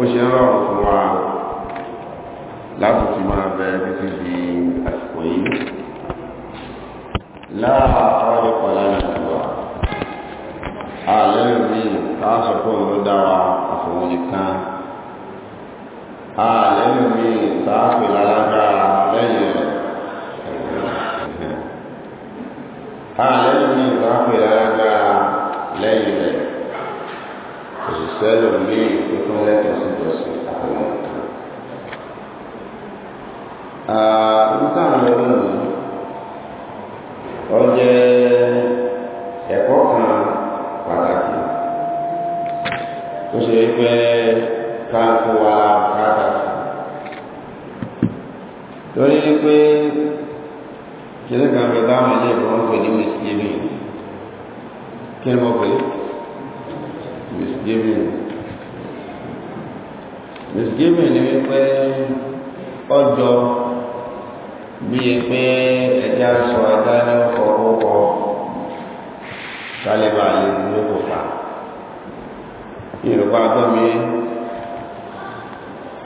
ó ṣe ń rọrùn fún wa láti ti máa bẹ títí di àsìkò yìí láàá ọ̀rẹ́kọ̀ lánàá ti wà àlẹ́rìn mi káàsọ̀ pé òun ló dá wa àfòun nìkan àlẹ́rìn mi káàpè lálágbára lẹ́yìn rẹ̀ àlẹ́rìn mi káàpè lálágbára lẹ́yìn rẹ̀ òṣìṣẹ́ lòmíì melihat situasi. Ah, uh, bukan ìdíwìn ni wípé ọjọ́ bíi pé ẹja sọ ajá ní fọwọ́kọ kálíbà lè dúró kò fà yorùbá gbọ́ mi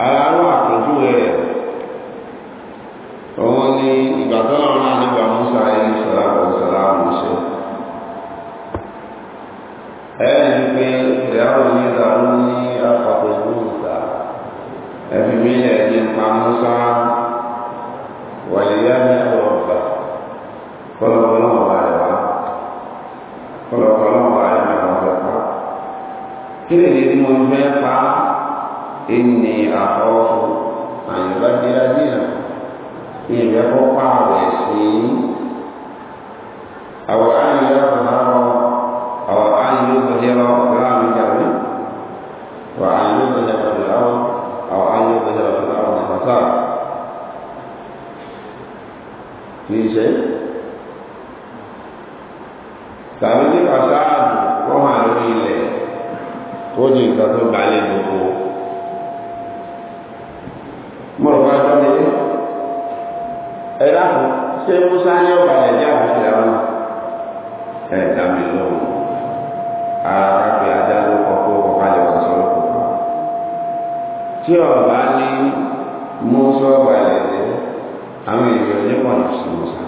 ara ló àpòjú rẹ̀ òun ni ìgbà tó náà musa sọ̀rọ̀ ẹ̀ ní pé ní ta'ala àwọn èèyàn nípọ̀nà sí Musa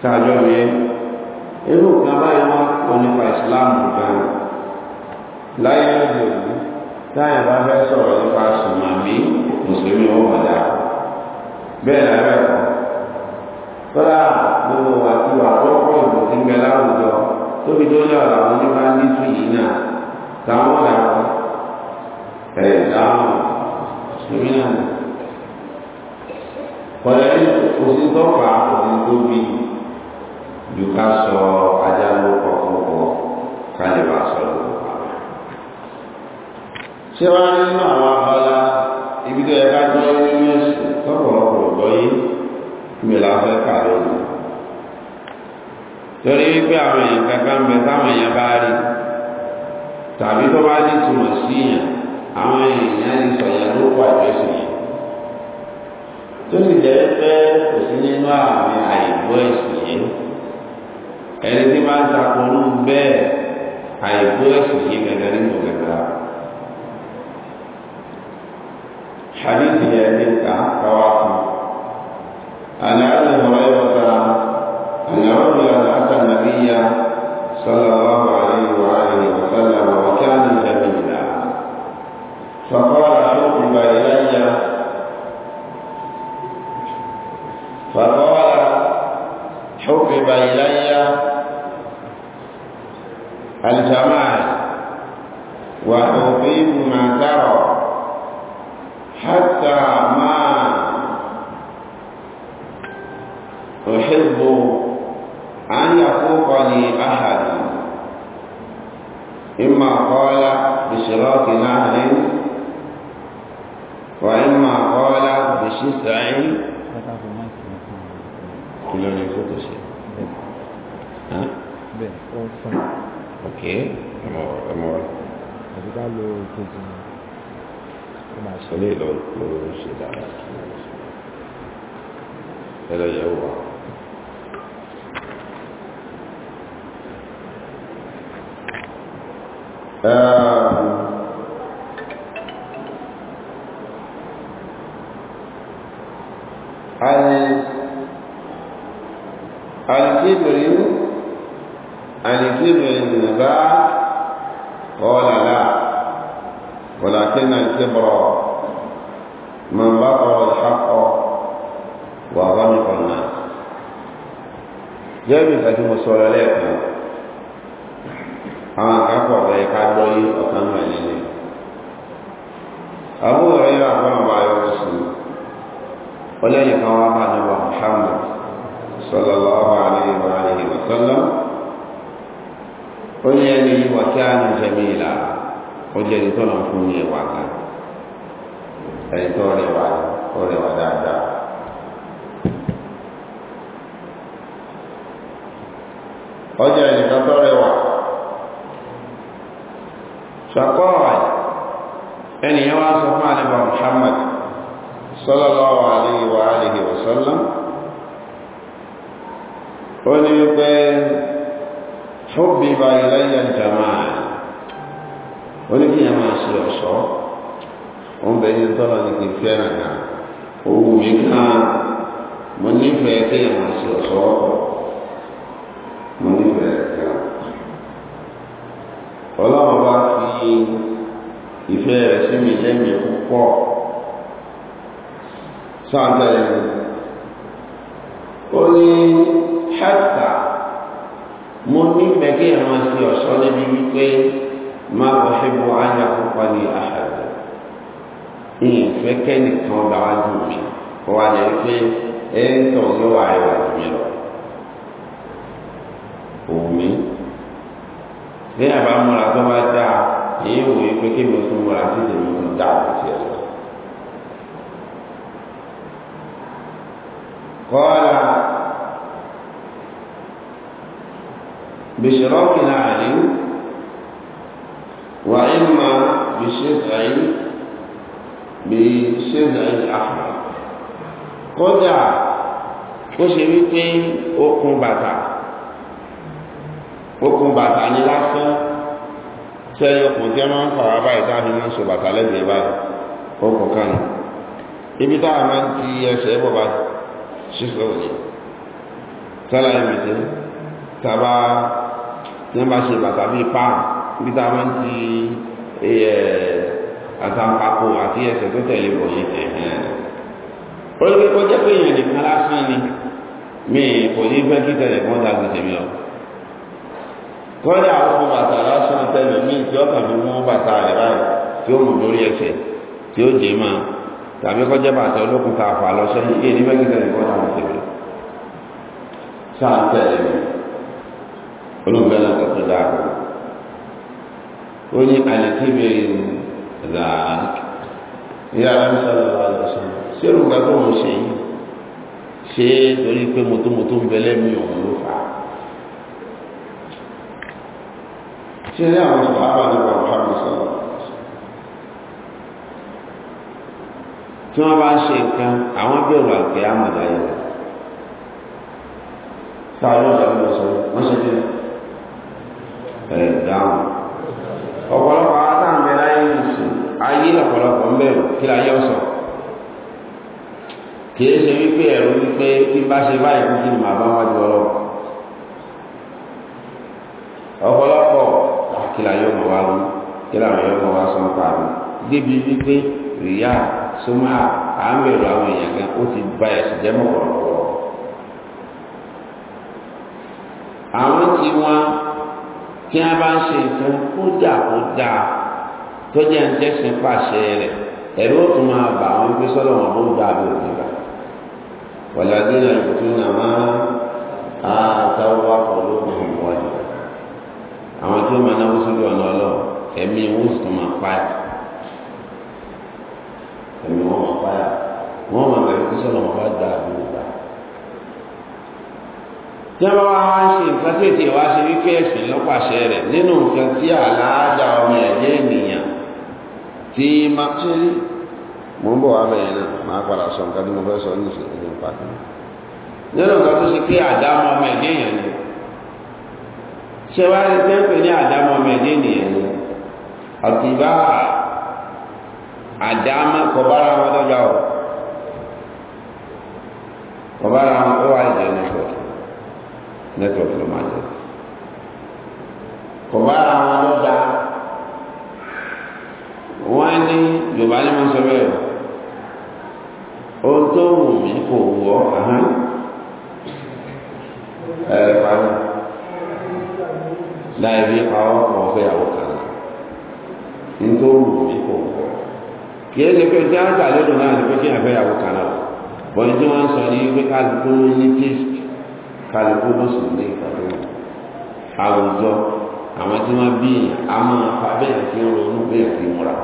sáájọ́ mi irú kan báyìí wọ́n kọ́ nípa ìsìláàmù gan láyé lóde òní táyà bá fẹ́ sọ̀rọ̀ nípa sùmàmí mùsùlùmí ó wà dáa bẹ́ẹ̀ náà bẹ́ẹ̀ kọ́ tọ́lá gbogbo àti àkọ́kọ́ ìbò tí ń bẹ láwùjọ tóbi tó ní ọ̀rọ̀ àwọn oníbá ń dìtú yìí náà táwọn ọ̀dà ẹ̀ dáhùn mùsùlùmí náà kọ̀lẹ́ ní oṣù tó fà á oṣù tó bí ju ká sọ ajá ló kọ̀ fún ọ ká lè bá sọ ló kọ̀ pa. ṣé wàá nínú àwọn abala ibi tó yẹ ká gbọ́ nínú ẹ̀sìn tọ́pọ̀lọpọ̀ gbọ́ yé mi là fẹ́ kà lónìí. torí wípé àwọn èèyàn kankan ń bẹ táwọn èèyàn bá rí tàbí tó bá ní túmọ̀ sí yàn àwọn èèyàn lè sọ̀yàn ló pàdé sí yàn tó sì jẹ́ pé kò sí nínú àmì àìgbọ́ ẹ̀sìn yìí ẹni tí máa ń takorú bẹ́ẹ̀ àìgbọ́ ẹ̀sìn yìí gẹ́gẹ́ nínú gẹ́gẹ́ حديث يأتيك كواكب عن أبي هريرة الكبر النبات قال لا ولكن الكبر من بطر الحق وغمق الناس جابي فاتم الصلاة لك àwọn àkápọ̀ ọ̀rẹ́ ká gbọ́ yí ọ̀kan náà nílé Abu Hurairah àbúrò bá yọrọ sí ọlẹ́yìn kan wá bá nígbà Muhammad sallallahu alaihi wa sallam ó ní ẹni yìí wà kí á ní ìfẹ̀mí ìlà ó jẹ́ ẹni tó lọ fún ní ẹwà o ẹni tó rẹwà ó ẹni kan tó rẹwà ṣàkọ́ ẹni yẹn wá sọ fún àlebà Muhammad sallallahu alaihi wa alihi wa sallam ó ní wípé حبب إلي الجمال ولكن يا ما سيوصو ومن بين طلع لك فينا ووجدنا من نفعك يا ما سيوصو من نفعك ولا ما fi ìfẹ́ rẹ̀ sí mi lẹ́mìí púpọ̀ sáàtẹ̀lẹ̀ ó ní ṣẹ́ta ní gbẹ̀gẹ́ ìran sí ọ̀ṣọ́ níbi wípé máa wọ ṣẹ́bù ayé àkọ́kọ́ ní àṣàjọ ìyẹn fẹ́ kẹ́nìkan ọba wa dùn mí kó wá jẹ́ pé ẹ ń tọ̀ yóò wá ẹwà jù mí lọ. òmí bí àbá múra tó bá dáa èyí wò ó pé kébì tó múra sí tèmi tó dáa kò tiẹ̀ lọ. kọ́lá بشراك العالم وإما بشدع بشدع الأحمر kódà ó ṣe wípé okùn bàtà okùn bàtà ni lásán sẹ́yìn okùn tí a máa ń fà wá báyìí táàbí máa ń so bàtà lẹ́gbẹ̀ẹ́ báyìí okùn kan ibi táà máa ń ti ẹsẹ̀ bọ̀ bá ṣíṣọ́ òní sálàyé mìtí tàbá tí wọ́n bá ṣe bàtà bíi páàmù ibi tá a máa ń ti àtàkàkò àti ẹsẹ̀ tó tẹ̀lé bọ̀ yìí ẹ̀hẹ́n orí kó jẹ́ pé èèyàn nìkan lásán ni mi kò ní fẹ́ kí tẹ̀lé kan dàgbé tèmi o kọ́dà àwọn bàtà lásán tẹ̀lé mi tí ó kàn fi mú bàtà rẹ̀ báyìí tí ó mú lórí ẹsẹ̀ tí ó jẹ́ máa tàbí kó jẹ́ bàtà olókùn tá a fà lọ sẹ́yìn kí èèyàn fẹ́ kí tẹ̀lé kan dàgbé tèmi sáà tẹ̀lé mi náà láàrú ó ní àlèkébèrè ràák ìyá alámísàlá àlọ́ sọ́nà ṣé òrùka tó ń ṣe yìí ṣé torí pé mọ́tòmọ́tò ń bẹ lẹ́mìí òun ló fà á ṣé ní àwọn sọ̀hábà nípa Muhammad sọ̀rọ̀ tí wọ́n bá ń ṣe nǹkan àwọn bẹ̀rù àgbẹ̀ àmàlà yẹn sáré ọ̀dà ló sọ wọ́n ṣe dé ẹ dáhùn ọ̀pọ̀lọpọ̀ aláǹbẹ̀ láyé nìsín ayé lọ̀pọ̀lọpọ̀ ń bẹ̀rù kí láyé ọ̀sọ̀ kìí ṣe wípé ẹ̀rù wípé bí bá ṣe báyìí fún kí ni màá bá wọn jọ lọ ọ̀pọ̀lọpọ̀ kí láyé ọmọ wa wí kí láwọn ẹ̀rọ ọmọ wa sọ ń parí débi wípé rìyá súnmọ́ àmì ẹ̀rọ àwọn èèyàn gan ó ti ba ẹ̀sìn jẹ́ mọ̀pọ̀lọpọ̀ àwọn tí wọ́n tí a bá ń ṣe nǹkan kódà kó dáa tó jẹ́ ń tẹ́sìn pàṣẹ rẹ̀ ẹ̀rú ó tún máa bà wọ́n pé sọ́dọ̀ wọn bó gbà bí òfin gbà wàlàdé náà yóò tún náà máa àtàwọn wà pọ̀ lóògùn ìwọ̀n yìí àwọn tí máa náwó sójú ọ̀nà ọlọ́ọ̀ ẹ̀mí wọn sì tún máa pa ẹ̀ ẹ̀mí wọn máa pa ẹ̀ wọ́n máa bẹ̀rẹ̀ pé sọ́dọ̀ wọn bá gbà bí òfin gbà tí wọ́n bá wá ń ṣe nǹkan tí ètè wá ṣe wípé ẹ̀sìn lọ́pàṣẹ rẹ̀ nínú nǹkan tí àlàájá ọmọ ẹ̀jẹ̀ ènìyàn tí máa ṣe rí mo ń bọ̀ wá bẹ̀yẹn náà máa padà sọ nǹkan tí mo fẹ́ sọ ní ìṣẹ̀lẹ̀ ní pàtó nínú nǹkan tó ṣe pé àdámọ́ ọmọ ẹ̀jẹ̀ èèyàn ni ṣe wá rí tẹ́ǹpẹ̀ ní àdámọ́ ọmọ ẹ̀jẹ̀ ènìyàn ni àtìbá àdámọ́ kọ̀bára wọn dọ́jà ọ̀ kọ̀bára wọn ó wà ìjẹun pẹ̀lú network ló máa jẹ kò bá ara wọn lọ da wọn ní yorùbá ní mo sọ bẹ́ẹ̀ ohun tó wù mí kò wù ọ ẹ parí láì bí àwọn ọmọ ọfẹ yàwó kan ní tó wù mí kò wù ọ kì í ṣe pé tí wọn gbà lódò náà ni pé kí wọn fẹ́ yàwó kan náà bọ́n tí wọ́n sọ ní pé kálukú ní tíṣ kálukú ló sì ní nǹkan tó wù àwùjọ àwọn tí wọ́n bí èèyàn á máa fa bẹ́ẹ̀ tí ń ronú bẹ́ẹ̀ tí ń múra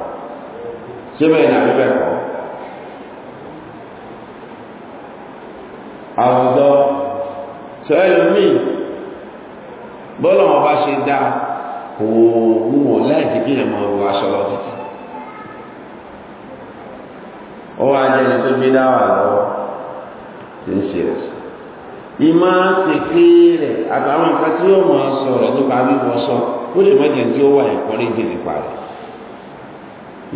ṣé bẹ́ẹ̀ ni àbí bẹ́ẹ̀ kọ́ àwùjọ sẹ́yìn míì bọ́lọ̀ wọn bá ṣe dá kò wù wọ́n láì fi kéèyàn máa wọ aṣọ lọ títí ó wá jẹ́ ẹni tó gbé dáwà lọ́wọ́ tí ń ṣe ẹ̀sìn. ìmọ̀ pèpè rẹ̀ àtàwọn nǹkan tí ó mọ̀ sọ sọ ó lè mọ̀ tí ó wà ẹ̀kọ́ léjì nípa rẹ̀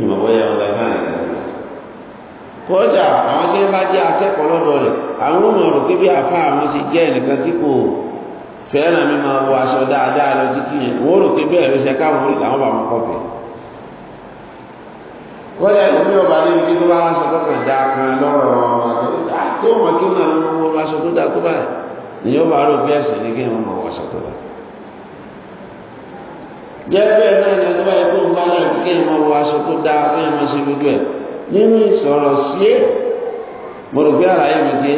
ìmọ̀ bóyá ọ̀la náà rẹ̀ lọ́wọ́ àwọn tí wọ́n bá jẹ́ akẹ́kọ̀ọ́ lọ́dọ̀ rẹ̀ àwọn ọmọ rò pé bí àfa àwọn ṣe jẹ́ ẹnìkan tí kò fẹ́ràn mi máa wọ aṣọ dáadáa lọ títí yẹn wọ́n rò pé bẹ́ẹ̀ ló ṣe káwọn orí làwọn bá ìlú mi tí bá tí ó mọ̀ kí ó náà mọ́ wọn aṣọ tó dáa tó báyìí ni yóò bá rò bí ní kí wọ́n mọ̀ wọ́n aṣọ tó dáa gẹ́gẹ́ náà ni ọdún báyìí kó ń kí aṣọ tó kí gbogbo ẹ̀ nínú ìsọ̀rọ̀ sí mo rò àlàyé mi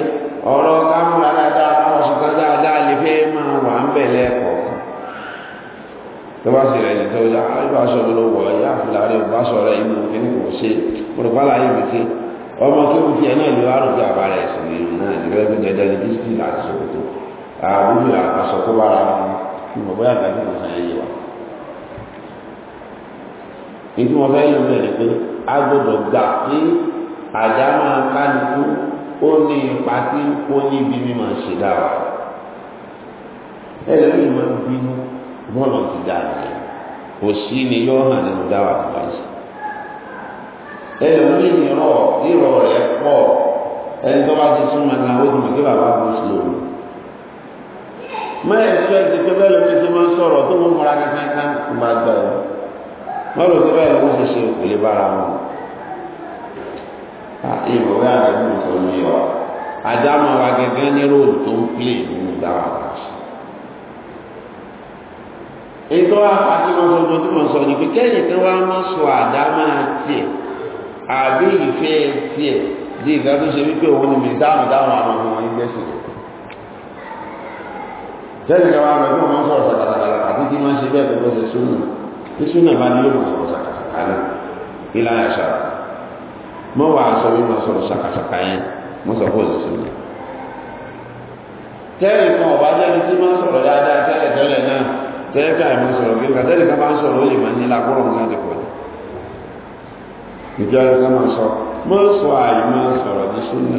ọ̀rọ̀ kámúra dáadáa káwọn ṣe kan dáadáa lè fẹ́ máa wà ń bẹ̀ ọmọ kí o fi ẹ̀ náà lè wá rògbé àbára ẹ̀sìn ní ìlú náà nígbà tó dẹ́dẹ́ ní disney láti sọ̀rọ̀ tó àbúrò àpasọ̀ tó bá ra wọn kí mo bóyá àgbàdo kan sàn yé wa. ìdí wọn fẹ́ yọ̀ mẹ́rin pé a gbọ́dọ̀ gbà pé àdá máa kálukú ó ní ipa tí ó ní ibi mímọ̀ ṣe dára ẹlẹ́rìí máa ń bínú bọ́ọ̀lù ti dára kò sí ni yóò hàn nínú dára tó bá yìí ẹlòmíì nírọ̀ rírọ̀ rẹ̀ pọ̀ ẹni tó bá ti súnmọ́ gan ó ti mọ̀ kí bàbá kò sí òun mẹ́rin sọ ẹ́ ti pé bẹ́ẹ̀ lómi ti máa ń sọ̀rọ̀ tó mún mọ́ra kankan kò máa gbà ọ́ mọ́rò pé bẹ́ẹ̀ lómi ṣe ṣe kò lè bára wọn ah, ìbò bẹ́ẹ̀ àgbẹ̀ mú kò ní ọ àdámọ̀ wa gẹ́gẹ́ ní róòlù tó ń pílè nínú ìgbàwà kàṣì ètò afásímọ́sọ́dún tí mo sọ pé kẹ́yìn kan wá mọ́ sọ àdámọ̀ tiẹ̀ àbí ìfẹ́ tiẹ̀ di nǹkan tó ṣe wípé òun ni mìsáàmù táwọn àwọn ọmọ wọn gbẹ́sìn tẹ́lẹ̀ kan wá mẹ́fún wọn sọ̀rọ̀ sàkàsàkàlà àti tí wọ́n ṣe bẹ́ẹ̀ tó gbẹ́sẹ̀ súnà tí súnà bá ní yóò mọ̀ sọ̀rọ̀ sàkàsàkàlà ilá àṣà mọ́ wà sọ wípé sọ̀rọ̀ sàkàsàkà yẹn mọ́ sọ fún òṣèṣù mi tẹ́lẹ̀ kan ọ̀bá jẹ́ni tí máa ń sọ̀rọ̀ dáadáa tẹ́lẹ̀ tẹ́lẹ̀ náà tẹ́lẹ̀ kan àìmọ́ sọ̀rọ̀ kí tẹ́lẹ̀ kan bá ń sọ̀rọ̀ ó lè máa ní lápọ̀rọ̀ nǹkan ti pọ̀ ìjọba ká máa sọ máa sọ àyè máa sọ̀rọ̀ ní súnà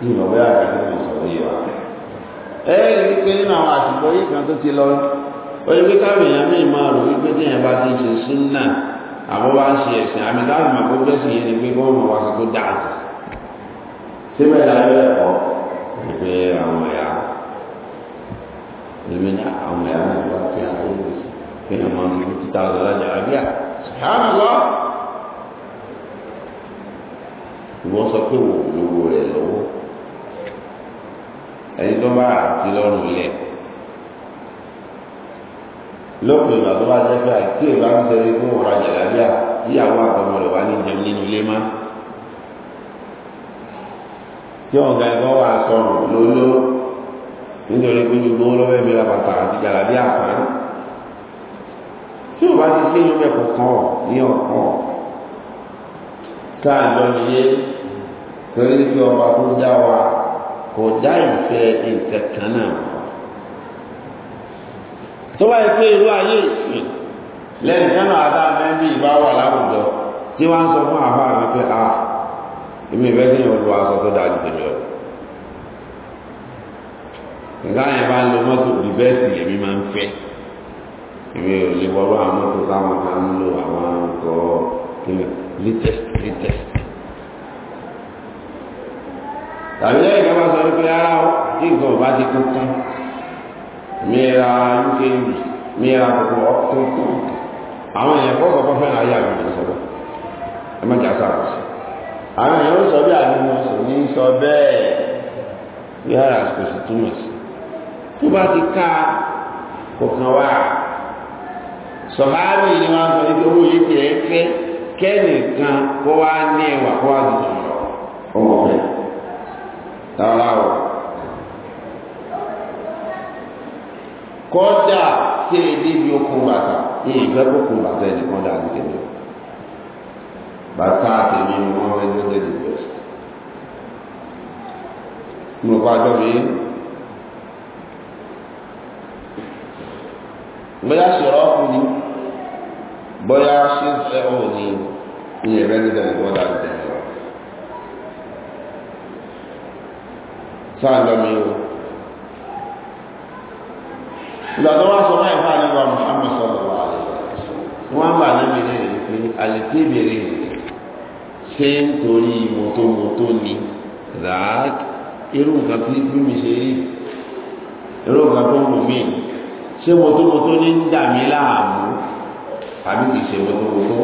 ní ìbọ̀wé àgbàdo máa sọ̀rọ̀ yìí wá. ẹ ẹ́ rí pé nínú àwọn àsìkò yìí kan tó ti lọ wọ́n yẹ káwọn èèyàn míì máa rò wípé tí èèyàn bá ti ṣe súnà àbọ̀ bá ń ṣe ẹ̀sìn àmì láti máa kó ni pé kí wọ́n máa wá sọ tó dáa sí. àbíà. Subhanallah ìwọ sọ pé wò lówó rẹ̀ lọ́wọ́ ẹni tó bá àti lọ́rùn lẹ̀ lópin ìgbà tó bá jẹ́ pé àti ìbá ń sẹ́ni fún ọ̀rọ̀ àjàlábíà ìyàwó àtọmọ rẹ̀ wá ní jẹun nínú ilé má tí ọ̀gá ẹ̀kọ́ wà sọ̀rọ̀ lóló nítorí pé gbogbo lọ́wọ́ ẹ̀mí ra àti jàlábíà kan tí ò bá ti sí inú bẹ̀ kọ̀ọ̀kan ọ̀ ní ọ̀kan tá a lọ yé torí pé ọba tó dá wa kò dá ìfẹ́ nǹkan kan náà tó bá yẹ pé irú ayé ìsìn lẹ́yìn kan náà adá mẹ́bí ìbá wà láwùjọ tí wọ́n ń sọ fún àbá mi pé a èmi ìfẹ́ kí yóò lo aṣọ tó dáa ju tèmi lọ nǹkan yẹn bá ń lo mọ́tò rìvẹ́sì lèmi máa ń fẹ́ èmi ò lè wọ́rú àwọn mọ́tò táwọn kan ń lo àwọn ọkọ̀ kílẹ̀ latest latest. tàbí lẹ́yìn kan máa sọ wípé ara kí nǹkan ò bá ti kún tán mi ra uk mi ra gbogbo ọkùnrin tán àwọn èèyàn kọ́kọ́ kọ́ fẹ́ràn ayé àwọn èèyàn sọ́dọ̀ ẹ má jà sáà sí. àwọn èèyàn ń sọ bí àwọn sọ ní sọ bẹ́ẹ̀ bí ara kò sì túmọ̀ sí. tó bá ti ká kò kàn wá sọ̀hábì ni wọ́n sọ wípé owó yìí tiẹ̀ ń fẹ́ kẹ́nìkan kó wá ní ẹwà kó wá dùn lọ ọmọ rẹ̀ rárá o kọ́dà ṣe débi okùn bàtà ìfẹ́ kókùn bàtà ẹnìkan dà ní tẹ̀lé bàtà tèmi ni wọ́n fẹ́ lọ́jọ́ the best mo kọ́ àjọ mi bóyá bóyá ṣe fẹ́ ò ní ní ẹ̀rẹ́ nígbà ìwọ́n láti tẹ̀lé lọ sáà lọ́mí o ìgbà tó wá sọ báyìí fún àlẹ́ wa Muhammad sallallahu alaihi wasallam wọ́n bá níbi ní ẹ̀rí pé àlètí ìbéèrè ṣé nítorí mọ́tò mọ́tò ni ràák irú nǹkan tí bí ṣe rí irú nǹkan tó wù mí ṣé mọ́tò ní ń dà láàmú àbí kìí ṣe wótówótó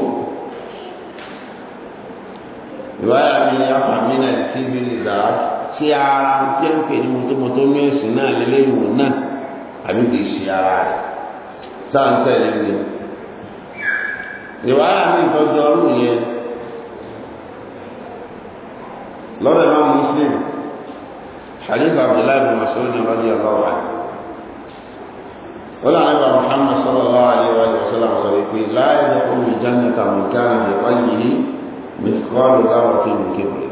ìwádà mi ni afàmì náà ti bí lè dára sí ara tí ń pè ní wótówótó ní ẹ̀sìn náà lélẹ́yìn òun náà àbí kìí ṣe ara rẹ̀ sáà ń tẹ̀lé mi ìtọ́jú ọrùn yẹn lọ́dọ̀ Imam Muslim حديث عبد الله بن مسعود رضي الله عنه ولا نبي محمد صلى الله عليه wasallam sọ wípé láyé ní omi ìjánu tàmùkánà nípa yìí mìsíkọ́lù láwọn tí mo kébìrì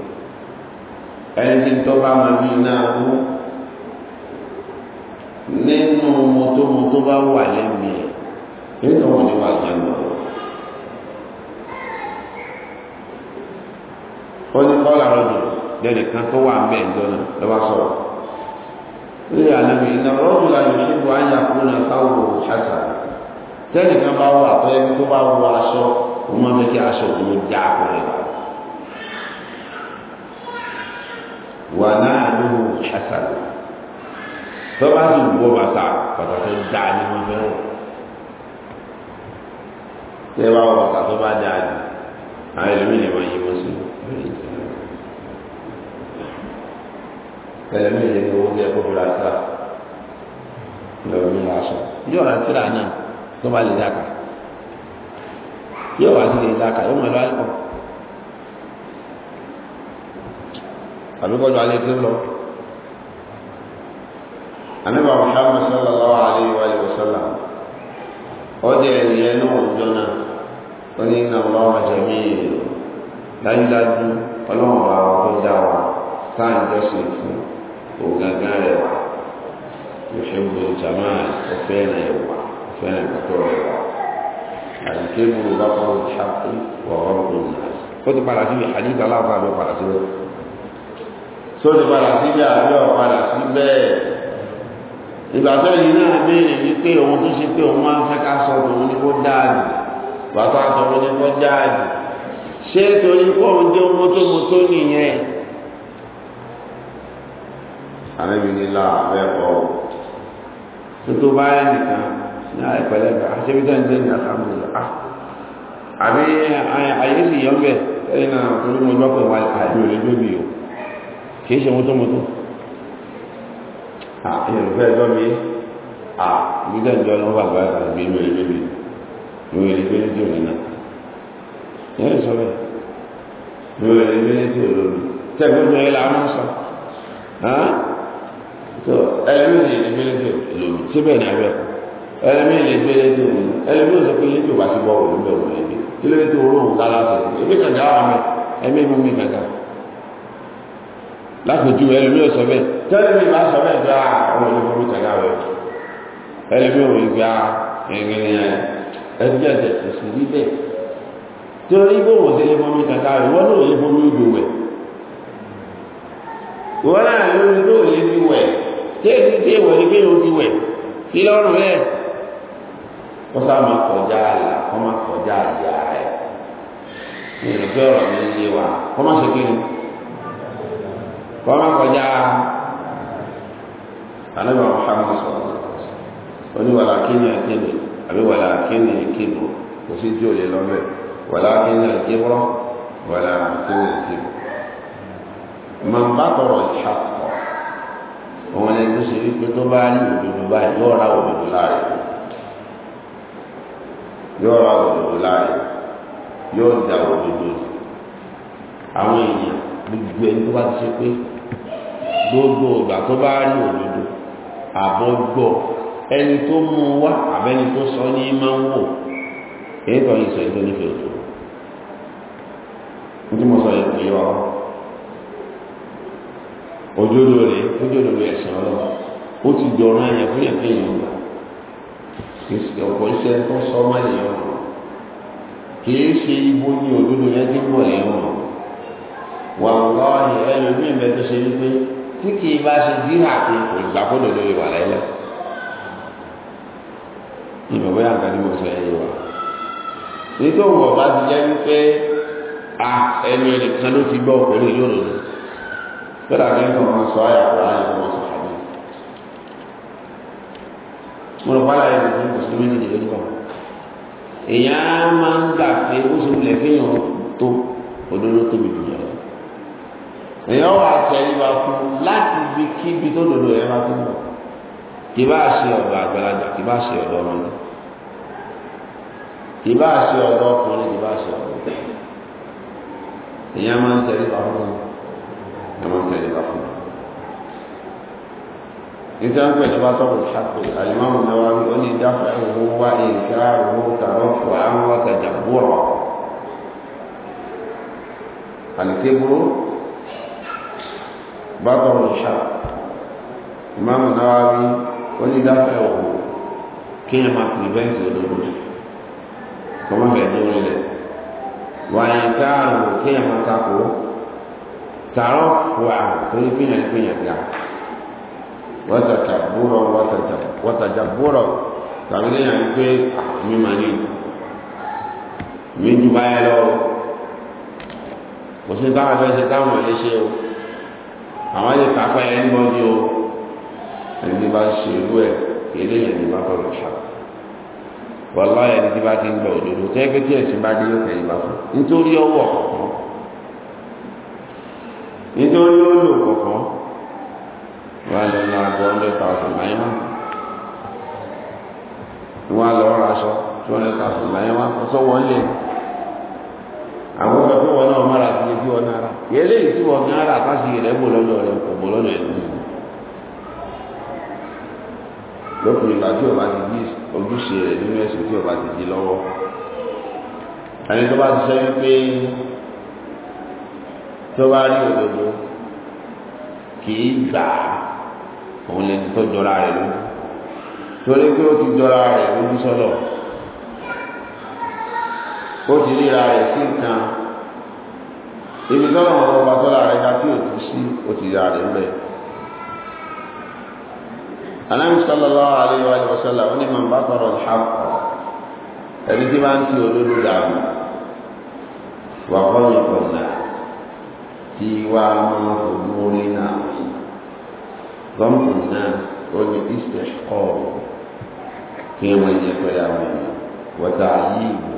ẹni tí tó bá máa bí náà mú nínú mọ́tò mọ́tò bá wà lẹ́nu ẹ̀ nínú wọn ni wà jánu ó ní kọ́lá rọ́dùn láyé ṣe bu ayé àkúnà òṣàṣà tẹ́lẹ̀ kan bá wà tó ẹni tó bá wọ aṣọ ó máa fẹ́ kí aṣọ òun já pẹ̀lẹ́. wà náà lóhùn ṣàṣàlù tó bá sì wọ bàtà bàtà tó dáa ní wọn fẹ́ wọ̀ tẹ́ bá wọ bàtà tó bá dáa ní àwọn ẹlòmíràn máa yí wọn sí ẹlòmíràn ní owó tẹ kó fura sáà lọ́wọ́ mi lásán yóò rántí rà náà tó bá lè dáka yóò wá sí lè dáka yóò máa lọ alẹ́ pọ̀ àbí kọjú alẹ́ kí ó lọ anábà Muhammad sallallahu alayhi wa sallam ó jẹ́ ènìyàn náà ọjọ́ náà ó ní iná ọlọ́wọ́ jẹ̀mí dájúdájú ọlọ́wọ́ wa tó dá wà yóò fẹ́ràn ìgbàtọ̀ rẹ̀ àyíké mú bá kọ́ ṣáàpù wọ̀rọ̀ òun ó ti padà síbi àdíjà aláàbá ló padà síbẹ̀ tó ti padà síbi àbí ọ̀padà síbẹ̀ ìgbàtọ̀ yìí náà béèrè wípé òun tó ṣe pé òun máa ń fẹ́ sọ òun ni kó dáàdì bàtọ́ àtọ́wọ́ ni kó dáàdì ṣé torí pé òun jẹ́ mọ́tòmọ́tò nìyẹn àmẹ́bí nílá àbẹ́kọ̀ọ́ tó tó bá ẹnìkan náà ní tẹ́lẹ̀ alhamdulillah ah, àbí ayé sì ah, ah, ní ìgbé ẹlẹ́mí lè gbé lédè òní ẹlẹ́mí ò sọ pé lédè òbá sí bọ́ọ̀lù níbẹ̀ òun ẹgbẹ́ kí ló dé tó olóhùn ká láti ẹgbẹ́ kànga wà mẹ́ ẹmí mú mi kànga lápòjú ẹlẹ́mí ò sọ bẹ́ẹ̀ tẹ́lẹ́mí bá sọ bẹ́ẹ̀ gbá ah, ọmọ ìlú fún mi kànga wẹ̀ ẹlẹ́mí ò gbá ẹgbẹ́ ẹgbẹ́ ẹ̀jẹ̀ kò sí rí bẹ́ẹ̀ torí bó wọ́n sí lé fún mi kànga wẹ̀ wọ́n lóò lé fún mi ìlú wẹ̀ wọ́n náà lóò lé wẹ̀ tí èsì tí èwọ̀ ni pé òun ti wẹ̀ kí lọ́rùn bẹ́ẹ̀ wọ́n sá máa kọjá àlà kọ́ máa kọjá àbí ara ẹ̀ ní ìrìnàjò ọ̀rọ̀ mi ń lé wa kọ́ máa ṣe kí ni kọ́ máa kọjá àlẹ́bà Muhammad sọ̀rọ̀ oníwàlá kíni àkébè àbí wàlá kíni àkébò kò sí tí o lè lọ bẹ́ẹ̀ wàlá kíni àkébọ́rọ́ wàlá kíni àkébò. màá bá tọrọ ìṣàkọ òun ẹni tó ṣe wípé tó bá rí òdodo báyìí yóò ra òdodo láàrin yóò ra òdòdó láàyè yóò da òdòdó àwọn èèyàn gbogbo ẹni tó bá ti ṣe pé gbogbo ìgbà tó bá rí òdòdó àbọ̀ gbọ́ ẹni tó mú un wá àbẹ́ni tó sọ ní máa ń wò èyí tó yìí sọ èyí tó nífẹ̀ẹ́ òdòdó ní mo sọ èyí yọ òdòdó rẹ̀ òdòdó rẹ̀ sọ̀rọ̀ ó ti dọ̀rọ̀ ẹ̀yẹ fún yẹn kéèyàn gbà ọ̀pọ̀ iṣẹ́ tó sọ ọmọ ènìyàn mọ̀ kìí ṣe ibo ní òdodo yẹn tí wọ̀ ẹ̀ mọ̀ wà lọ́ọ̀hìn ẹlòmí ìbẹ́ tó ṣe wípé tí kìí bá ṣe díhà pé kò gbà kó dòdò lè wà láyé ìmọ̀ bóyá nǹkan tí mo sọ ẹ̀yẹ wà èyí tó wọ̀ bá ti jẹ́ wípé ah, ẹnu ẹnìkan ló ti gbọ́ òkèlè lónìí tó dàbí nǹkan kan sọ àyàkùrá yìí mo lọ wálá yẹn ní mùsùlùmí ní ìdílé kan èèyàn máa ń gbà pé ó ṣe wulẹ̀ kéèyàn tó òdodo tóbi jù lọ èèyàn wà tẹríba fún láti ibi kíbi tó dodo ẹ̀ máa tó bọ̀ kì bá ṣe ọ̀dọ̀ àgbàlagbà kì bá ṣe ọ̀dọ̀ ọmọdé kì bá ṣe ọ̀dọ̀ ọkùnrin kì bá ṣe ọ̀dọ̀ èèyàn máa ń tẹríba fún èèyàn máa ń tẹríba fún. إذا كنت بطر الحق الإمام النووي يقول دفعه وإنكاره ترفعا وتدبرا الكبر بطر الحق الإمام النووي يقول دفعه كلمة بريفنت ودود كما بيقول وإنكاره كلمة تقول ترفعا تقول فينا الفينا wọ́tàjàbúrọ̀ wọ́tàjàbúrọ̀ tàbí lẹ́yìn àwọn pé ah, mi mà ní mi jù báyẹ̀ lọ kò sí táwọn fẹ́ ṣe táwọn ẹ̀ lè ṣe o àwọn lè kápẹ́ ẹ̀ ń bọ́ ní o ẹni bá ṣe irú ẹ̀ eléyìn ẹni bá bọ̀rọ̀ ṣá wọ́n ẹni tí bá ti ń gbọ́ òdodo tẹ́ round and round one hundred thousand láyéwá wọn lọ rọ aṣọ two hundred thousand láyéwá ọsọ wọn lé àwọn ọmọ ẹgbẹ́ wọn náà mara sí ibi wọn nára yẹlẹ ìtú wọn ní ara àtàṣì rẹ bò lọ́dọ̀ rẹ kò bò lọ́dọ̀ ẹni lópin tí o ti di ojúṣe rẹ nínú ẹsùn tí o ti di lọ́wọ́ ẹni tó bá ti wípé tó bá rí òdodo kì í gbà òun lẹni tó jọra rẹ̀ lójú torí pé ó ti jọra rẹ̀ lójú sọ́lọ̀ ó ti ríra rẹ̀ sí nǹkan ibi tọ́lọ̀ wọn ọba tọ́lá rẹ̀ dá tí ò tú sí ó ti ra rẹ̀ mbẹ́ anábì sallallahu alaihi wa sallam ó ní màmbá tọrọ ìhàkọ̀ ẹni tí bá ń ti olódó dànù wà bọ́ ìkọ̀ọ̀nà tí wàá máa fòmú náà ضمن náà ó ní ìṣẹ̀kọ́ kí wọ́n jẹ́ pẹ̀lú àwọn èèyàn wọ́tá ayé ìwò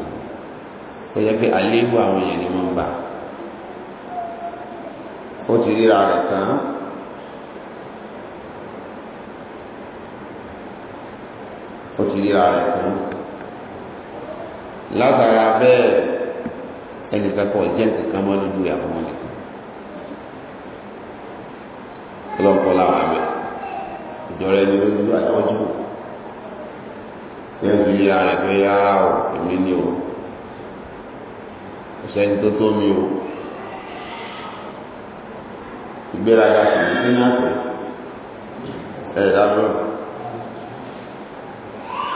ó yẹ pé àléébù àwọn èèyàn ni wọ́n gbà ó ti ríra rẹ̀ tán ó ti ríra rẹ̀ tán látara bẹ́ẹ̀ ẹnìkan kan jẹ́ nǹkan kan mọ́ lójú ìyàwó mọ́lẹ̀ ìjọra ẹni lójú àtọ́jú ní ẹ̀sùn yíya rẹ̀ pé yára o èmi ni o ọ̀sẹ̀ni tó tó mi o ìgbéraga sì ní sínú àpò ẹ̀ dábọ̀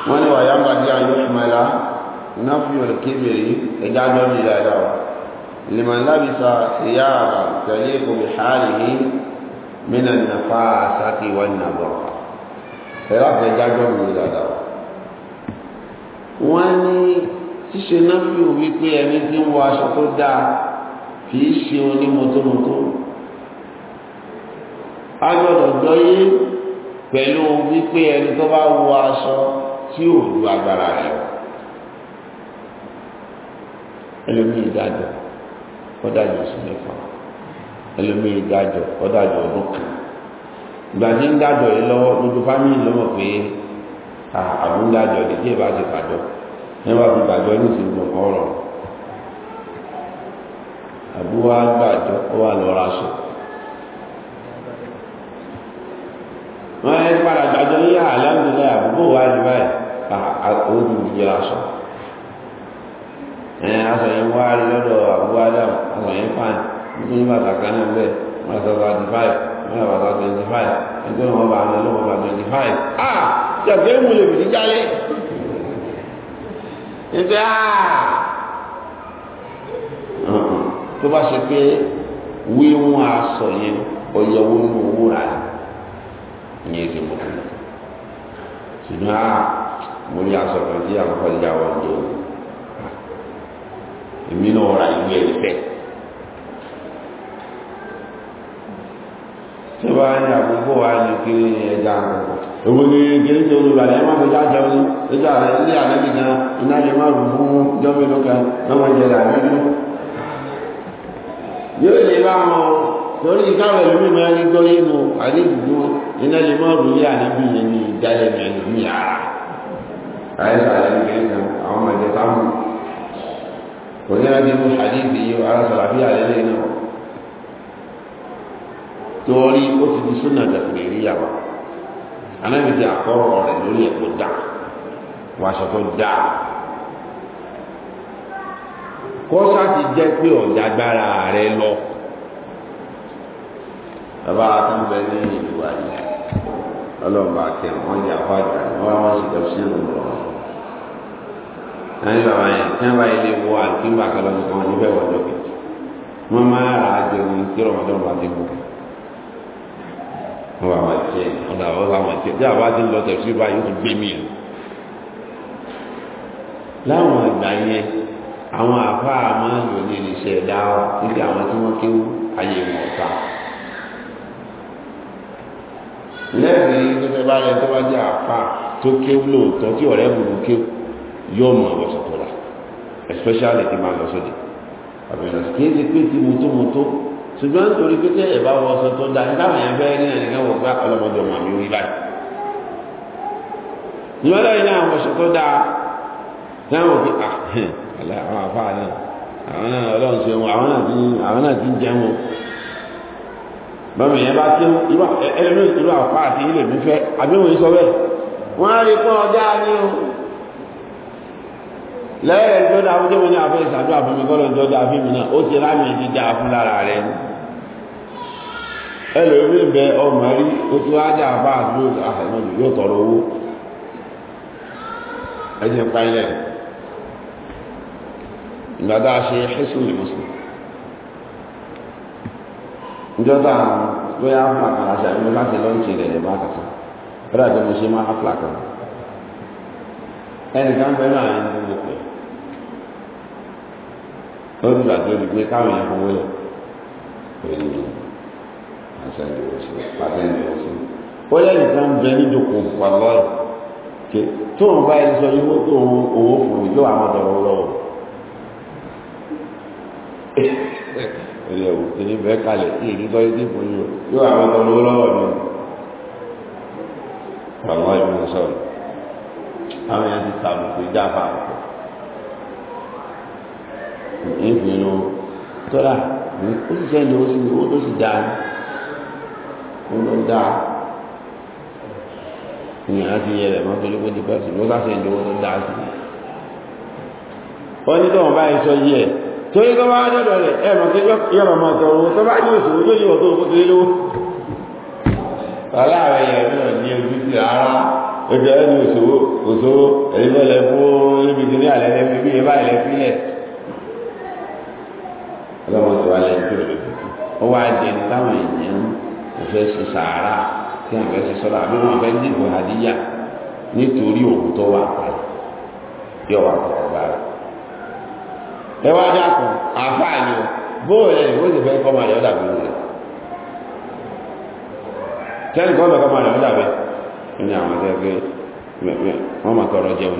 wọ́n ní wàyà ń bá di iná fi ọ̀rẹ́ kébèrè ẹ̀dá lọ́rùn dáadáa lèmọ̀ lábìsà ìyá àbà tẹ̀lé kò bí hàlì ní mínà nàfà àsákì wọn ẹ̀rọ àfẹ́jájọ́ mi dáadáa wọ́n ní ṣíṣe náà fi wí pé ẹni tí ń wọ aṣọ tó dáa kì í ṣe onímọ̀tòmọ̀tò a gbọ́dọ̀ gbọ́yé pẹ̀lú wípé ẹni tó bá wọ aṣọ tí ò lu agbára rẹ̀ ẹlòmí ìdájọ́ ọdájọ́ oṣù mẹ́fà ẹlòmí ìdájọ́ ọdájọ́ ọdún kan ìgbà tí ń dájọ́ yìí lọ́wọ́ gbogbo fámìlì lọ́mọ̀ a àwọn ń dájọ́ ní kí ẹ bá ti gbàjọ́ ẹ bá fi gbàjọ́ ní ìsìn gbọ̀ngàn ọ̀rọ̀ àbúwá gbàjọ́ ó wà lọ́ra sùn. wọ́n di jẹ́ aṣọ. ẹ aṣọ yẹn wá lọ́dọ̀ àbúwá dáhùn aṣọ yẹn fáìn nítorí bàtà kan di ní ọ̀bàdàn twenty five ẹgbẹ́ wọn bá àná lọ́wọ́ bá twenty five ah ṣàgbé ń wulè bìí jálẹ̀ ẹgbẹ́ ah uh-uh. tó bá ṣe pé wíwọ́n aṣọ yẹn ọ̀yọ́wó nínú owó rà ní èsì mọ̀kànlá ṣùgbọ́n ah mo rí aṣọ kan tí àwọn kọjá wọn jọ èmi náà ra ìwé ẹ̀ fẹ́ẹ́. tí wọ́n á ní àkókò wa ní kiri ẹja àkókò èwo ni kiri tó lu ìbàdàn ẹ má fi jájọ ní ìjà rẹ ilé àlẹ́bí gan iná yẹn má rù fún jọ́mi lókàn lọ́mọ jẹ rà rẹ mú. yóò lè bá wọn torí káwọn ẹlòmíì máa ń gbọ́ yín mu àdébùdó iná lè má rù ilé àlẹ́bí yẹn ní ìdálẹ́ mi ẹlòmíì ara. àyẹ̀sà àlẹ́bí kiri kan àwọn ọmọ ìjẹta mú. kò ní láti mú àdébì yìí torí ó ti di súnà dàgbére rí yàrá anábì ti àkọ́rọ̀ rẹ̀ lórí ẹ̀kọ́ dà wọ́n aṣọ tó dà kọ́sà ti jẹ́ pé ọ̀jà gbára rẹ̀ lọ bàbá kan bẹ ní ìlú àyè ọlọ́ọ̀bà kẹ wọ́n yà fún àgbà wọ́n wá sí tẹ̀sí ìrọ̀lọ́ ẹni bàbá yẹn tí wọ́n bá yẹ lé wọ àlùkí bàkàlọ́ nìkan níbẹ̀ wọ́n lókè wọ́n máa rà á jẹun kí ọmọdé wọn bá ti bù kẹ́ wọ́n bá máa tiẹ̀ ọ̀dà wọ́n bá máa tiẹ̀ bí àbá ti ń lọ tẹ̀sí báyìí ó ti gbé mi rẹ̀ láwọn àgbà yẹn àwọn àfa máa ń lò ní iṣẹ́ dáwà níbi àwọn tí wọ́n kéwú ayé wọn ọ̀tá lẹ́yìn ìgbésẹ̀ bá rẹ̀ tó bá jẹ́ àfa tó kéwú lóòótọ́ tí ọ̀rẹ́ bùrù kéwú yóò mọ àwọ̀sọ̀ tó rà especially tí máa lọ sóde àbẹ̀rẹ̀ kí é ti pé ti mu tó mu tó ṣùgbọ́n nítorí pé tẹ́yẹ̀ bá wọ ọsọ tó da ní táwọn èèyàn bẹ́ẹ̀ ní ẹnìkan wọ̀ pé ah, ọlọ́mọdé ọmọ mi wí báyìí ìwọ́n lẹ́yìn náà wọṣọ tó da táwọn òfin àwọn àfáà náà àwọn náà ọlọ́run ṣe wọn àwọn náà ti ń jẹun o bọ́mọ̀ yẹn bá kí ẹlẹ́mìí ìlú àfáà àti ilé mi fẹ́ àbí wọ́n sọ bẹ́ẹ̀ wọ́n á rí pọ́n ọjà ní o lẹ́yìn tó na fún tẹ́wọ́n ní àfẹ́ ìsàdúrà fún mi kọ́lọ̀ tó dáa fún mi náà ó ti rámì dídá fún lára rẹ̀ ni ẹlòmíì bẹ ọmọ rí ó ti wá bá yóò tọrọ owó a ṣe hẹ́sùn ẹnìkan bẹ́ẹ̀ náà ń dúró pé ó dùn àti ó di pé káwọn yẹn fọwọ́ lẹ̀ pẹ̀lú àṣà ìdíwọ̀sí pàṣẹ ìdíwọ̀sí ó yẹ nìkan bẹ nídòkò pàlọ́ ẹ̀ tó ń bá ẹni sọ yíwó tó ń owó fún mi yóò àwọn ọ̀dọ̀ lọ́wọ́ ẹ̀rẹ̀ òwò kìíní bẹ́ẹ̀ kalẹ̀ kí èyí sọ yíwó fún yóò àwọn ọ̀dọ̀ lọ́wọ́ ni pàlọ́ ẹ̀ àwọn èèyàn ti sàbùkù ìjàpá àpọ̀ ìgbìn lọ tọ́lá ó sì sẹ́ni ó sì owó tó sì dá ó lọ dá ní àti yẹ rẹ̀ máa torí pé ti pẹ́sì ló sá sẹ́ni owó tó dá sí wọ́n ní tọ́wọ́n báyìí sọ yí ẹ̀ torí tó bá dọ́dọ̀ rẹ̀ ẹ̀ mọ̀ kí yọ̀rọ̀ mọ̀ tọrọ tó bá ní òṣèlú yóò yọ̀ tó kó lówó aláàrẹ̀ yẹ̀ mí ní ojú sí rárá ojú ẹni òṣòwò òṣòwò èyí ló lẹ fún níbi tí ní alẹ́ lẹ́nu bí ìbá ilẹ̀ sílẹ̀ ọlọ́mọ sọ wà lẹ́yìn tó lòdì sí ó wá jẹ táwọn èèyàn kò fẹ́ ṣe sàárà tí àwọn fẹ́ ṣe sọ́dọ̀ àbí wọn fẹ́ dìbò àdíyà nítorí òkú tó wà pẹ́ yọ wà pẹ́ ọba rẹ̀ ẹ wá dákun àfáà ni bóòlù ẹ̀ bó ti fẹ́ kọ́ máa yọ dàbí rẹ̀ tẹ́lifọ́ọ̀mù kọ́ máa yọ dàbí rẹ̀ ní àwọn ẹgbẹ́ wọ́n máa tọrọ jẹun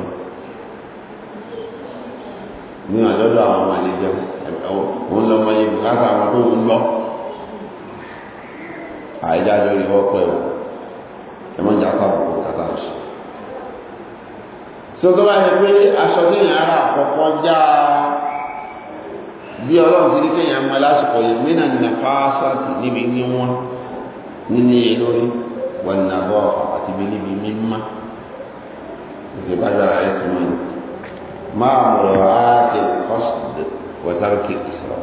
ní àjọ́dọ̀ àwọn ọmọ àlejò òun lọ mọ ibi káàkiri àwọn tó ń lọ àìjájọ́ rí wọ́pọ̀ ẹ̀wọ̀ ẹmọ́jà pàbùkù kàtà ọ̀ṣù so tó bá yẹ pé aṣọ tí ìyàn ara àkọ́kọ́ já bí ọlọ́run ti ní kéèyàn mọ lásìkò yìí mí náà nìyàn fáásá níbi ní wọn níní lórí wọn nàbọ́ ọ̀fà sí mi níbi mímá ìgbàdára ẹsùn mi máa mọ̀rọ̀ áàtì kọ́sìdì wọ́tárìkì ìsọ̀rọ̀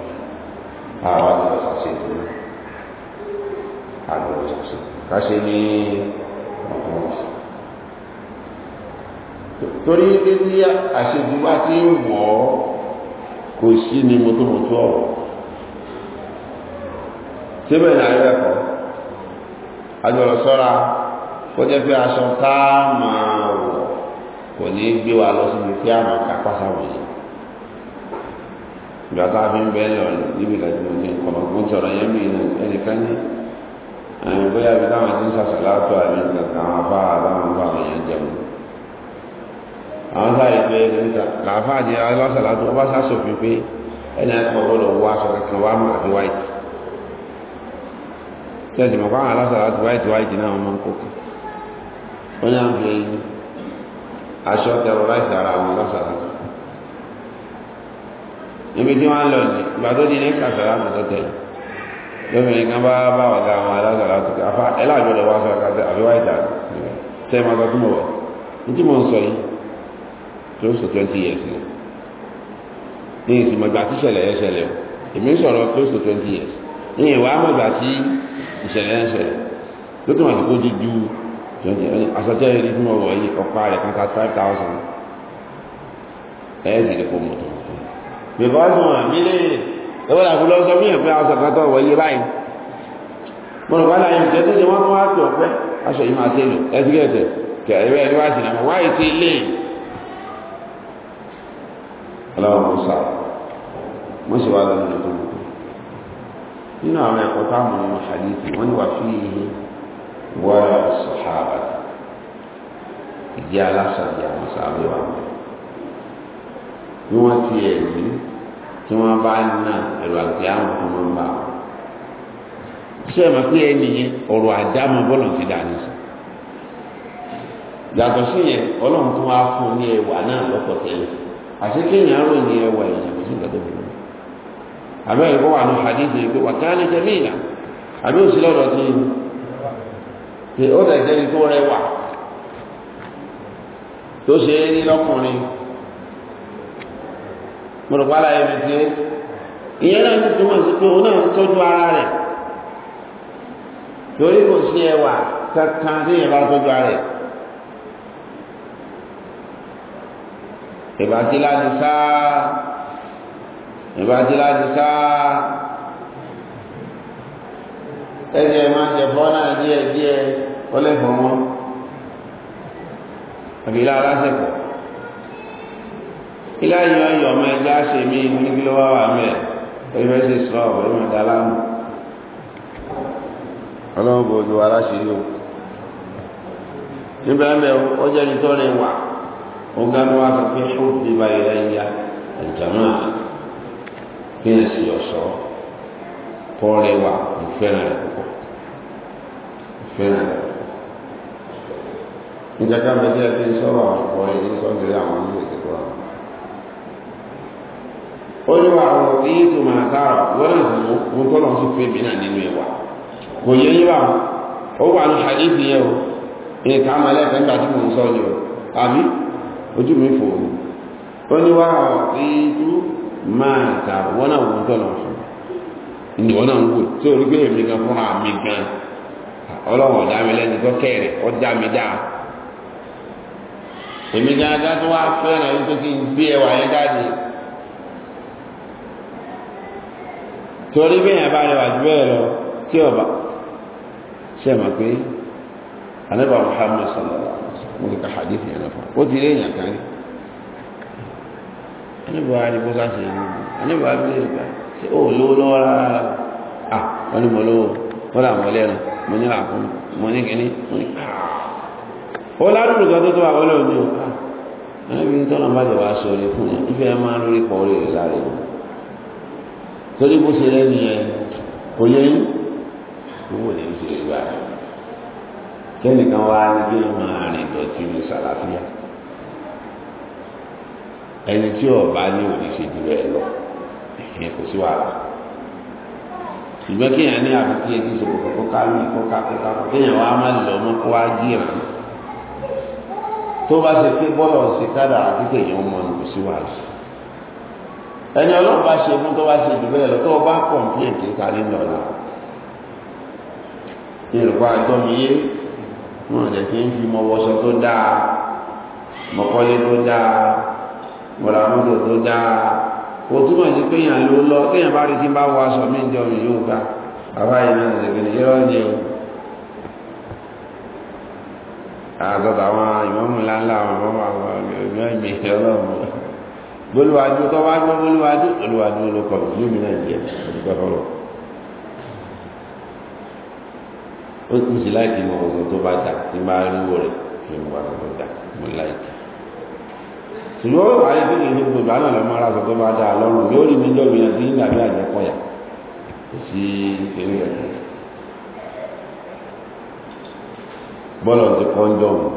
àwọn àgbẹ̀rẹ̀ ṣàṣẹ ìdúró àgbẹ̀rẹ̀ ṣàṣẹ káṣẹ ní ọ̀pọ̀lọpọ̀ torí pé tí àṣejù bá ti ń wọ̀ ọ́ kò sí ni mo tó mo tó ọ̀rọ̀ síbẹ̀ ní ayé ẹ̀kọ́ àjọ̀rọ̀ sọ́ra kó jẹ́ pé aṣọ tá a máa wọ̀ kò ní gbé wa lọ síbi tí a máa kà pásánwò yìí ìgbà tá a fi ń bẹ́ lọ níbi ìlàjì mo ti ń kọ́ mo ti ọ̀rọ̀ yẹn bí ẹnìkan ní àwọn bóyá ibi táwọn ti ń ṣàṣàlátò àbí nǹkan àwọn afá àtàwọn afá àwọn èèyàn jẹun àwọn sáré pé làáfà àti aláṣàlátò ọba sásòfin pé ẹni àti ọgbọ́dọ̀ wọ aṣọ kankan wá mọ̀ àti wáìtì tẹ́sí mọ̀ fáwọn aláṣàlátò wáìtì wáìtì náà wọ́n máa ń kókè ó ní àwọn èèyàn aṣọ tẹrọráìsì ara wọn lọ́sàrá níbi tí wọ́n lọ ní ìgbà tó di ní kàṣàrá mọ̀ tó tẹ̀lé lóbìnrin kan bá bá ọ̀gá àwọn alásàrá tó kẹ́ afá ẹ láàgbọ́dọ̀ wá sọ àkàtà àbíwá ìdá ṣe máa sọ tí mo wọ̀ ní tí mo ń sọ yìí tó sọ twenty years ni ní ìsìnmọ̀ ìgbà tí ìṣẹ̀lẹ̀ yẹn ṣẹlẹ̀ o èmi ń sọ̀rọ̀ close to twenty years ní ìwà àmọ̀gbà tí ìṣẹ̀lẹ̀ yẹn ṣẹlẹ̀ ló tún wà sí kó di ju asọ́jọ́ yìí fún ọwọ́ yìí ọ̀pá rẹ̀ kan thirty five thousand ẹ̀ẹ́dì lè kó mọ̀tò because wọn àmì lè ẹwọ́n àfi lọ sọ míyàn pé aṣọ kan tó ọwọ́ yìí báyìí mo rò wálá yẹn tẹ́tí ṣe wọ́n tún wá pè ọ̀pẹ́ aṣọ yìí máa ṣe lò ẹtí gẹ̀ẹ́tẹ̀ kẹ̀ ẹ̀rẹ́ ẹ̀rẹ́ nínú àwọn ẹ̀kọ́ táwọn ọmọ hadith wọ́n ní wà fí ihe wọ́rọ̀ sọ̀hábà ìjẹ́ alásàbí àwọn sàbí wa bí wọ́n ti ẹ̀rí tí wọ́n bá ná ẹ̀rọ àti àwọn ọmọ ń bá wọn ṣé ẹ mọ̀ pé ẹni yẹn ọ̀rọ̀ àdámọ̀ bọ́lọ̀ ti dà ní sọ yàtọ̀ sí yẹn ọlọ́run tó wá fún ní ẹwà náà lọ́pọ̀ tẹ́lẹ̀ àti kéèyàn rò ní ẹwà èèyàn kò sí ìgbà tó bí wọn àbẹ́ ẹ̀kọ́ wà ní hadith yìí pé wà káàlì jẹ́míìlà àbí òsì lọ́dọ̀ tí yìí pé ó dẹ̀ jẹ́ni tó rẹwà tó ṣe é rí lọ́kùnrin mo rò tí ìyẹn náà ti túmọ̀ sí pé òun náà ń tọ́jú ara rẹ̀ torí kò sí ẹwà kankan tí ìyẹn bá tọ́jú ara rẹ̀ ìbátí láti sáá ìbátí láti sáá ẹni ẹ máa jẹ bọ́ náà díẹ̀ díẹ̀ ó lè fọ́ wọn àbí lára sẹ́kọ̀ọ́ ilé ayé ọyọ ọmọ ẹgbẹ́ àṣẹ mi ní kí ló wá wà mẹ́ ẹni fẹ́ ṣe sọ ọ̀rọ̀ ẹni ọ̀dà láàmú ọlọ́run bò ju aláṣírí o níbẹ̀ ọ̀ṣọ́. kọ́ọ̀rẹ́ wa mo fẹ́ràn rẹ̀ púpọ̀ mo fẹ́ràn rẹ̀ púpọ̀ njẹ́ mi jẹ́ ti ń sọ̀rọ̀ àwọn kọ́ọ̀rẹ́ ní sọ́ndìrì àwọn ọmọ ìṣẹ̀kọ́ àwọn ó ní wà àwọn òbí tó mo tó sí fún náà nínú yẹ ní o ìka mo ń sọ o àbí ojú mi fò ó ní wà àwọn òbí tó máa sára ìwọ náà ń wò tí o rí pé èmi gan fúnra mi gan ọlọ́wọ̀n ọ̀dá mi lẹ́ni tó kẹ́rẹ̀ ó dá mi dá èmi gángan tó wá fẹ́ràn wípé kí n gbé ẹwà yẹn jáde torí bẹ́yàn bá rẹwà jù bẹ́ẹ̀ lọ tí ọba ṣe mọ̀ pé anábà Muhammad sallallahu alaihi wasallam mo ti ka hadith yẹn lọ́fọ̀ ó ti rí èèyàn kan rí anábà wa ni bó sá ṣe yẹn anábà wa bí lè ṣe ó lówó lọ́wọ́ rárá à wọ́n ní mo lówó wọ́n àwọn ọlẹ́rìn mo ní àkún mo ní kíní mo ní ah. ó ládùúgbò kan tó tó àwọn ọlọ́run ní ọ̀ká ah. ẹ̀rẹ́bí ní tọ́nà bá jẹ̀ wá sọ orí fún yẹn ìfẹ́ máa lórí pọ̀ orí rẹ̀ láre wọn torí bó ṣe lẹ́nu yẹn kò yẹ yín owó lè ṣe lè gbà kẹ́nìkan wá ní kí wọ́n máa rìn dọ̀tí ní sàlàfíà ẹni tí ọba ní òní ṣe jù ẹ lọ ìyẹn kò sí wàhálà ṣùgbọ́n kéèyàn ní àbùkù yẹn ti sọ̀rọ̀ kó ká lù kó ká kó ká kó kéèyàn wá má lọ mọ́ kó wá gírà tó bá ṣe pé bọ́lọ̀ ṣe kádà àti kéèyàn mọ̀ ní kò sí wàhálà ẹni ọlọ́run bá ṣe fún tó bá ṣe jù bẹ́ẹ̀ lọ tó o bá kọ̀ǹpléǹ kí ká ní lọ́la yorùbá àtọ́miyé wọn jẹ́ kí n fi mọ wọṣọ tó dáa mọ́kọ́lé tó dáa mọ́ra tó dáa kò túmọ̀ sí pé èèyàn ló lọ téèyàn bá rí tí bá wọ aṣọ mí jọ mi yóò gbà bàbá yìí náà ṣe gbìn yọrọ ni o àtọ̀tọ̀ àwọn ìmọ̀mù ńláńlá àwọn ọmọ àwọn ìmọ̀ ìmọ̀ ọlọ́mọ bolúwájú tó wá gbọ́ bolúwájú olúwájú ló kọ̀ ìlú mi náà jẹ́ olùkọ́ fọlọ́ ó sì láìkí mọ̀ ọ̀sán tó bá dà tí bá rí wọ̀ rẹ̀ ìwà tó dà mo láìkí ṣùgbọ́n wọ́n wáyé pé gbogbo ìgbà náà lọ́mọ sọ pé bá dáa lọ́rùn yóò rí mi jọ mi ń dàbí àjẹpọ̀yà kò sí eré ẹ̀kọ́ bọ́ọ̀lù ti kọ́ ń jọ mu.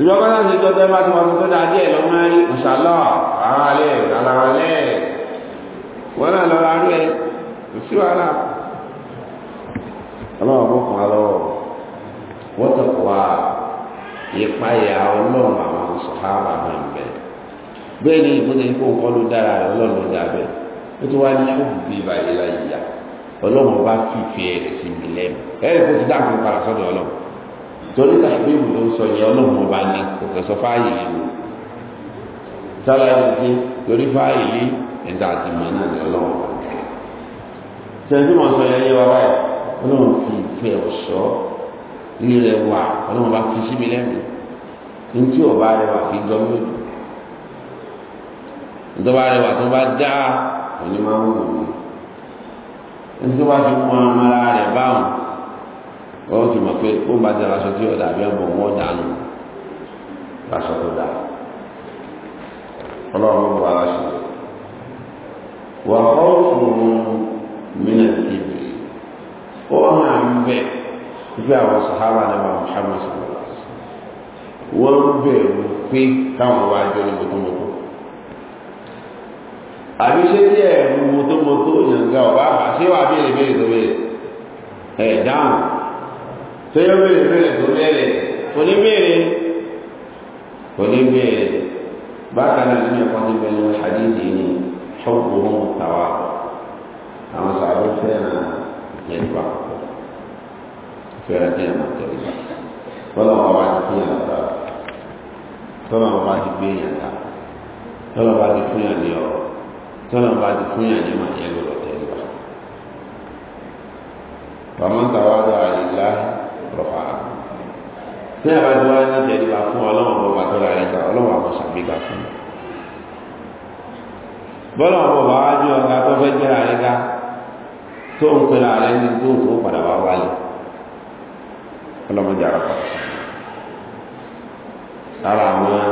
ìjọba náà ti jọ tẹ́ bá ti wọ́n tó dáa díẹ̀ lọ́mọ rí mọ̀ṣálọ́ àárálẹ̀ àlàálẹ̀ wọ́n náà lọ́ra rú ẹ kò sí wàhálà ọlọ́run kò lọ́wọ́ wọ́n tọ̀kọ̀ wa ìpayà ọlọ́run àwọn sọ̀hábà náà ń bẹ̀. bẹ́ẹ̀ ni ìbúdé kó kọ́ ló dára rẹ̀ ọlọ́run ló dá bẹ́ẹ̀ ó tún wá ní ṣùgbọ́n ìbá ìlà ìyá ọlọ́run bá fìfẹ́ rẹ̀ sí mi lẹ́nu ẹ̀rì kó ti dákun padà sọ́dọ̀ ọlọ́run torí tàbí ìbùdó sọ yẹn ọlọ́run ọba ní kò kẹsọ fáyì yìí sára ti torí fáyì yìí ẹ̀dá àti mọ̀ náà ní ọlọ́run ọba kẹrẹ. sẹ́ńtì mọ̀ sọ yẹn yé wa báyìí ọlọ́run fi ìfẹ́ ọ̀ṣọ́ rírẹ̀ wà ọlọ́run bá fi sí mi lẹ́nu ntí ọba rẹwà kì í jọ mí ntọ́ba rẹwà tó bá dá òní máa ń wù mí ntí wàá fi mú amára rẹ báwọn wọ́n ti mọ̀ pé ó bá dára aṣọ tí ọ̀dà àbí ọ̀bọ̀ wọn dànù aṣọ tó dà ọlọ́run bọ̀ aláṣọ wà kọ́ mìíràn ìbì ó hàn bẹ́ẹ̀ bí àwọn sàhábà náà Muhammad sọ wọ́n bẹ̀rù pé káwọn wá jọ ní mọ́tòmọ́tò àbí ṣé tí ẹ̀rù mọ́tòmọ́tò yànga ọ̀bá àṣẹ wà bí èrè bẹ́ẹ̀ tó bẹ̀rẹ̀ ẹ̀ dáhùn tó yẹ bẹ̀rẹ̀ bẹ̀rẹ̀ tó bẹ̀rẹ̀ kò ní bẹ̀rẹ̀ kò ní bẹ̀rẹ̀ bákan náà nínú ẹ̀kọ́ ti bẹ̀rẹ̀ ní hadith yìí ni ṣọ́ọ̀bù mọ́ tàwa àwọn sàbẹ̀ fẹ́ràn yẹ̀dùbà fẹ́ràn kí ẹ̀ máa tẹ̀lé wọn làwọn bá ti fi hàn tàwa tọ́lọ̀ bá ti gbé èèyàn ká tọ́lọ̀ bá ti fún yàn ní ọ̀rọ̀ tọ́lọ̀ bá ti fún yàn ní mà yẹn lọ́rọ̀ tẹ́lẹ̀ bá. bàmọ́ta wá dọ̀ àlìlá rọ̀fà tí a bá ti wá ní tẹ̀lé bá fún ọlọ́run bọ́ba tọ́lọ̀ rẹ̀ gbà ọlọ́run àbọ̀ ṣàgbéga fún mi. bọ́lọ̀ bọ̀bá wá ní ọ̀gá tó fẹ́ gbéra rẹ̀ ká tó ń pera rẹ̀ ní tó ń kó padà wá wálé ọlọ́mọdé ara àwọn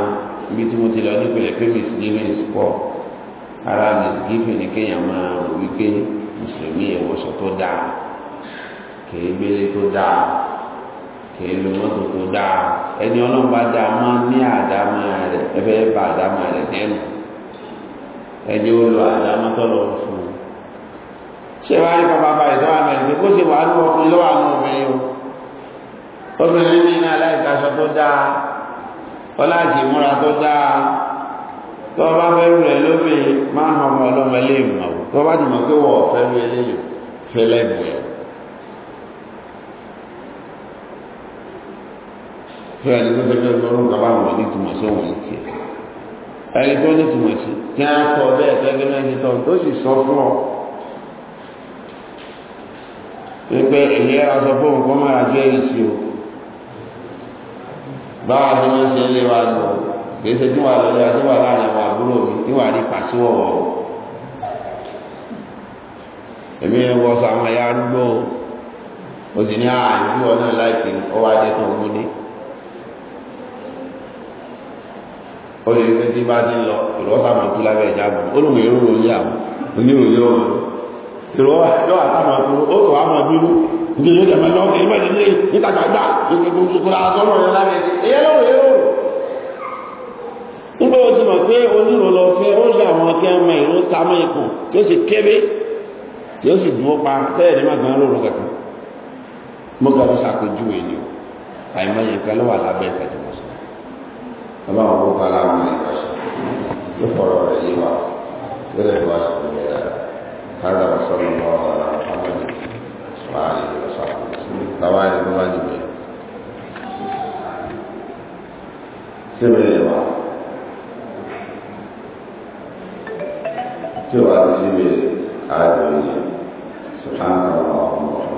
ibi tí mo ti lọ nípìnlẹ̀ pé misgiving pọ̀ ara misgiving ni kéèyàn máa rò wípé mùsùlùmí ìwọṣọ tó dáa kèé gbélé tó dáa kèé lo mọ́tò tó dáa ẹni ọlọ́run bá dáa máa ní àdámọ́ rẹ̀ ẹfẹ́ bá àdámọ́ rẹ̀ dẹ́nu ẹni ó lo àdámọ́ tọ́lọ fún un ṣé wàá rí bàbá báyìí tó wà mẹ́rin pé kó ṣe wàá lú ọkùnrin lọ́wọ́ àwọn obìnrin o obìnrin ní iná aláìsàṣọ tó dáa ọláàtì múra tó dáa tó bá fẹ́ rẹ̀ lómi máa hàn ọmọ ọlọ́mọ ilé ìmọ̀ tó bá ti mọ̀ pé wọ́n fẹ́ rí eléyìí fẹ́ lẹ́bù ẹ̀ fẹ́ ẹni tó fẹ́ fẹ́ lọ́rùn kaba àwọn onítùmọ̀ sóhun ti ẹni tó onítùmọ̀ sí tí a sọ bẹ́ẹ̀ tẹ́gẹ́ mẹ́rin tó tó sì sọ fún ọ pé pé ìlera sọ fún òun kọ́ máa jẹ́ ìṣe o báwa tí wọ́n ń ṣe lé wa lọ kìí ṣe tí wà wa tí láàrin àwọn àbúrò mi tí wà rí pàṣíwọ̀wọ̀ èmi wọ ẹ̀yà arúgbó o sì ní àìjú ọ̀nà láìpẹ́ ọwọ́ adé tó ń ní ó lè pé tí bá ti ń lọ ìrọ́sàmọ̀ tó ó ní yóò tẹ̀mẹ́ lọ́kẹ́ ìbẹ̀ nílé ìtàgbàgbà ìgbẹ̀gbẹ̀ òṣùkúra àtọ́lọ̀ yẹn lára ẹ̀yẹ́ lọ́rọ̀ yẹ́ lọ́rọ̀ nígbà ó ti mọ̀ pé onírò lọ fẹ́ ó ṣe àwọn akẹ́mọ̀ ìró sámọ́ ikùn tí ó sì kébé tí ó sì dúró pa tẹ́lẹ̀ ní màgbọ́n lóru kankan mo kàn fi ṣàpèjúwe ni o àìmọye nǹkan ló wà lábẹ́ nǹkan tí mo sọ ọba àwọn boko haram ပါတယ်လို့ဆောက်။ဘာဝရဘာဝကြီးပဲ။စေမေပါ။ကျောင်းအစီအစဉ်အားလုံးစခန်းဆောင်အောင်